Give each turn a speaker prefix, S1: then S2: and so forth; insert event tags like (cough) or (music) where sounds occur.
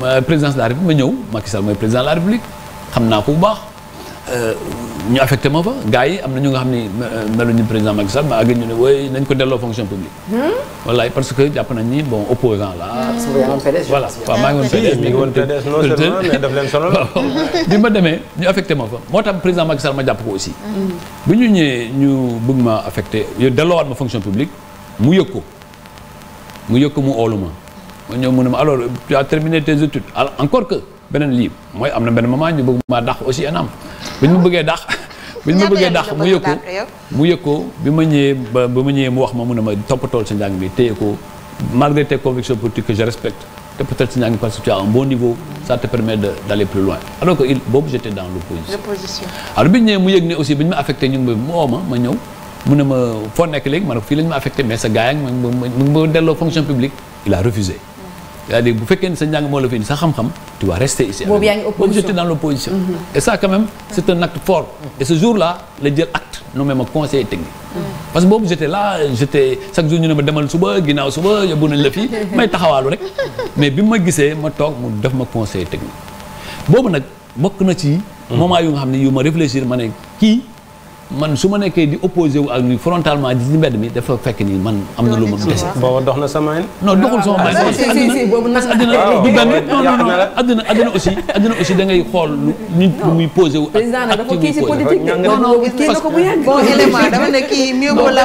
S1: présidence de la république ma ñëw Macky Sall mooy président de la république xam naa ko bu baax euh, ñu affecté ma fa gars yi am na ñu nga xam ni euh, meluñu président Macky Sall ma àgg ñu ne wooy nañ ko delloo fonction publique. Hmm? wallaay parce que jàpp nañ ni bon opposant la. Hmm. voilà waaw maa ngi woon PDS mi ngi woon PDS bi ma demee ñu affecté ma fa moo tax président Macky Sall ma jàpp ko aussi. Hmm. bu ñu ñëwee ñu bëgg ma affecté yow delloowaat ma fonction publique mu yëg ko mu yëg ko mu oolu ma. ma ñëw mu ne ma alors tu as terminé tes études encore que beneen lii mooy am na benn moment ñu bëgg maa dàq aussi anam ñu ma bëggee dàq. bu ñu ma bëggee dàq mu bi ma ñëwee ba ba ma ñëwee mu wax ma mu ne ma toppatool sa njàng bi te peut-être sa njàng parce que tu as un bon niveau ça te permet de bi ñu mu yëg ñu ma affecté ñun ba mu woo ma ma ñëw. mu ne ma foo nekk léegi ma ne fii la ma affecté mais sa gars mu ngi ma delloo fonction publique il a refusé. cest bu fekkee ni sa njàng moo la fi indi sa xam-xam tu vas rester ici. boobu yaa ngi opposition j'étais dans l'opposition mm-hmm. et ça quand même c'est un acte fort. et ce jour-là la jël acte nommé ma conseiller technique. Mm-hmm. parce que boobu j'étais là j'étais chaque jour ñu ne ma demal suba ginnaaw suba yóbbu nañ la fi (laughs) may taxawaalu rek mais bi ma gisee ma toog mu def ma conseil technique boobu nag bokk na ci. Mm-hmm. moment yu nga xam ne yu ma réfléchir ma ne kii. man su ma nekkee di opposé wu ak frontalement di ci mbedd mi dafa fekk ni man am na lu ma dese. booba dox na sama yéen. non doxul sama mbay. Ah, si si si boobu nag àddina du benn non non non àddina àddina aussi àddina aussi da ngay xool nit muy posé wu. ak ci muy posé président nag dafa kii ci politique non non kii na ko bu yàgg. bon élément